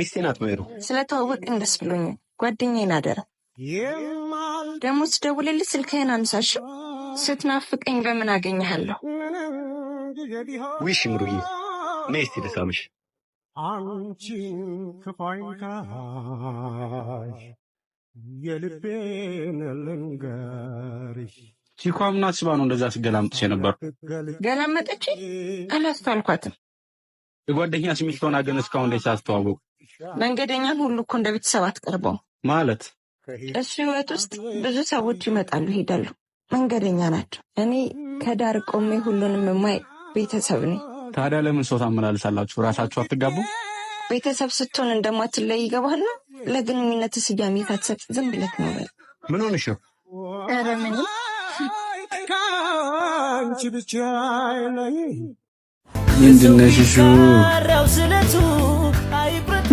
ሚስቴ ናት ስለ ስለተዋወቅን ደስ ብሎኛል። ጓደኛዬን አደራ ደግሞ ስደውልልህ ስልክህን አንሳሽ። ስትናፍቀኝ በምን አገኘሃለሁ? ውይ ሽምሩዬ ነይ እስቲ ልሳምሽ። አንቺን ክፋይንካሽ የልቤን ልንገርሽ። ቺኳ ምናስባ ነው እንደዛ ስገላምጥሽ የነበር ገላመጠች አላስታልኳትም። የጓደኛ ስሜት ከሆና ግን እስካሁን ላይ ሳስተዋወቁ መንገደኛን ሁሉ እኮ እንደ ቤተሰብ አትቀርበው ማለት እሱ ህይወት ውስጥ ብዙ ሰዎች ይመጣሉ፣ ይሄዳሉ፣ መንገደኛ ናቸው። እኔ ከዳር ቆሜ ሁሉንም የማይ ቤተሰብ ነኝ። ታዲያ ለምን ሰው ታመላልሳላችሁ? ራሳችሁ አትጋቡ? ቤተሰብ ስትሆን እንደማትለይ ይገባል ነው። ለግንኙነት ስያሜ ታትሰጥ ዝም ብለት ነው። በል ምን ሆንሽ ነው? ኧረ ምን ምንድነሽ?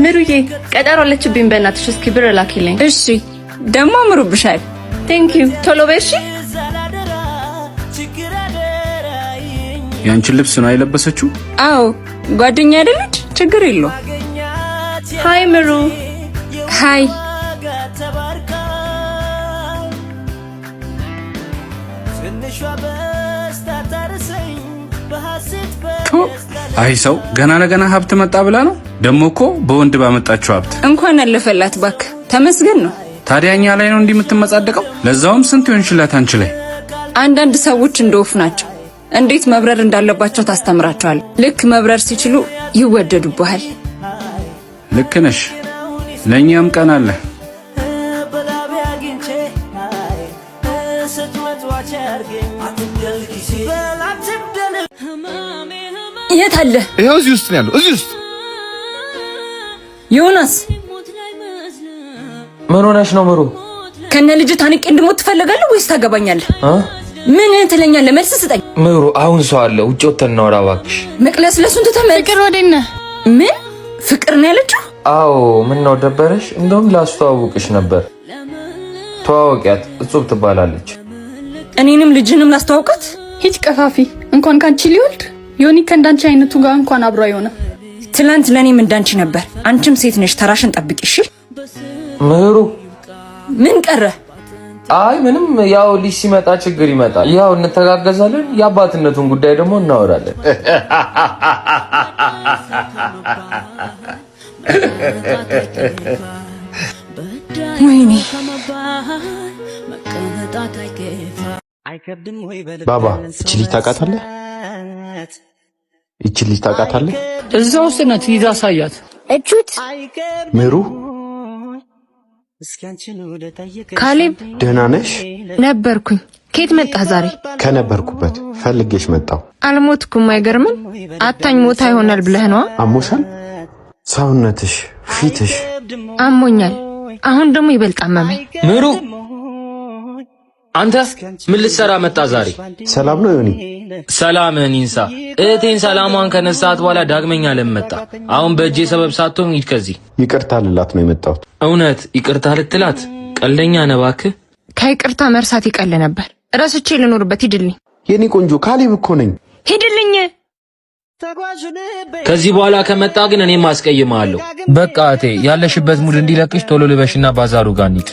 ምሩዬ ቀጠሮ አለችብኝ። በእናትሽ እስኪ ብር ላኪልኝ። እሺ። ደግሞ አምሮብሻል። ቴንክ ዩ። ቶሎ በይ ያንቺን ልብስ ነው የለበሰችው? አዎ፣ ጓደኛ አይደለች። ችግር የለው። ምሩ። ሃይ አይ ሰው ገና ለገና ሀብት መጣ ብላ ነው። ደግሞ እኮ በወንድ ባመጣችው ሀብት እንኳን አለፈላት ባክ፣ ተመስገን ነው። ታዲያኛ ላይ ነው እንዲምትመጻደቀው ለዛውም ስንት ይሆንሽላት አንቺ ላይ። አንዳንድ ሰዎች እንደ ወፍ ናቸው። እንዴት መብረር እንዳለባቸው ታስተምራቸዋል። ልክ መብረር ሲችሉ ይወደዱብሃል። ልክ ነሽ። ለእኛም ቀን አለ። የት አለ? ይሄው እዚህ ውስጥ ነው ያለው። እዚህ ውስጥ ዮናስ፣ ምን ሆነሽ ነው ምሩ? ከነ ልጅ ታንቄ እንድሞት ትፈልጋለህ ወይስ ታገባኛለህ? ምን ትለኛለህ? መልስ ስጠኝ ምሩ። አሁን ሰው አለ ውጭ ወተን ነው እባክሽ። መቅለስ ለሱን ተተመል ፍቅር ወደነ ምን ፍቅር ነው ያለችው? አዎ ምን ነው ደበረሽ? እንደውም ላስተዋውቅሽ ነበር። ተዋወቂያት፣ እጹብ ትባላለች። እኔንም ልጅንም ላስተዋውቃት። ሂጅ ቀፋፊ፣ እንኳን ካንቺ ሊወልድ ዮኒ ከእንዳንቺ አይነቱ ጋር እንኳን አብሮ አይሆንም። ትላንት ለእኔም እንዳንቺ ነበር። አንቺም ሴት ነሽ፣ ተራሽን ጠብቂ እሺ። ምሩ ምን ቀረ? አይ ምንም። ያው ልጅ ሲመጣ ችግር ይመጣል። ያው እንተጋገዛለን። የአባትነቱን ጉዳይ ደግሞ እናወራለን። ወይኔ ባባ እች ልጅ ታውቃታለህ? ይቺ ልጅ ታውቃታለህ? እዛ ውስጥ ነት ይዛ ሳያት እቹት ምሩ ካሌብ፣ ደህና ነሽ? ነበርኩኝ። ከየት መጣህ ዛሬ? ከነበርኩበት ፈልጌሽ መጣሁ። አልሞትኩም። አይገርምም? አታኝ ሞታ ይሆናል ብለህ ነዋ። አሞሻል? ሰውነትሽ፣ ፊትሽ አሞኛል። አሁን ደግሞ ይበልጥ አመመኝ ምሩ አንተ ምን ልትሰራ መጣ ዛሬ? ሰላም ነው ዮኒ? ሰላም ኒንሳ። እህቴን ሰላሟን ከነሳት በኋላ ዳግመኛ ለመጣ አሁን በእጄ ሰበብ ሳትሆን ሂድ ከዚህ። ይቅርታ ልላት ነው የመጣሁት። እውነት ይቅርታ ልትላት? ቀልደኛ ነባክ። ከይቅርታ መርሳት ይቀል ነበር። ረስቼ ልኖርበት። ሂድልኝ የኔ ቆንጆ። ካሌብ እኮ ነኝ። ሂድልኝ። ከዚህ በኋላ ከመጣ ግን እኔም አስቀይማለሁ። በቃ እቴ፣ ያለሽበት ሙድ እንዲለቅሽ ቶሎ ልበሽና ባዛሩ ጋር እንሂድ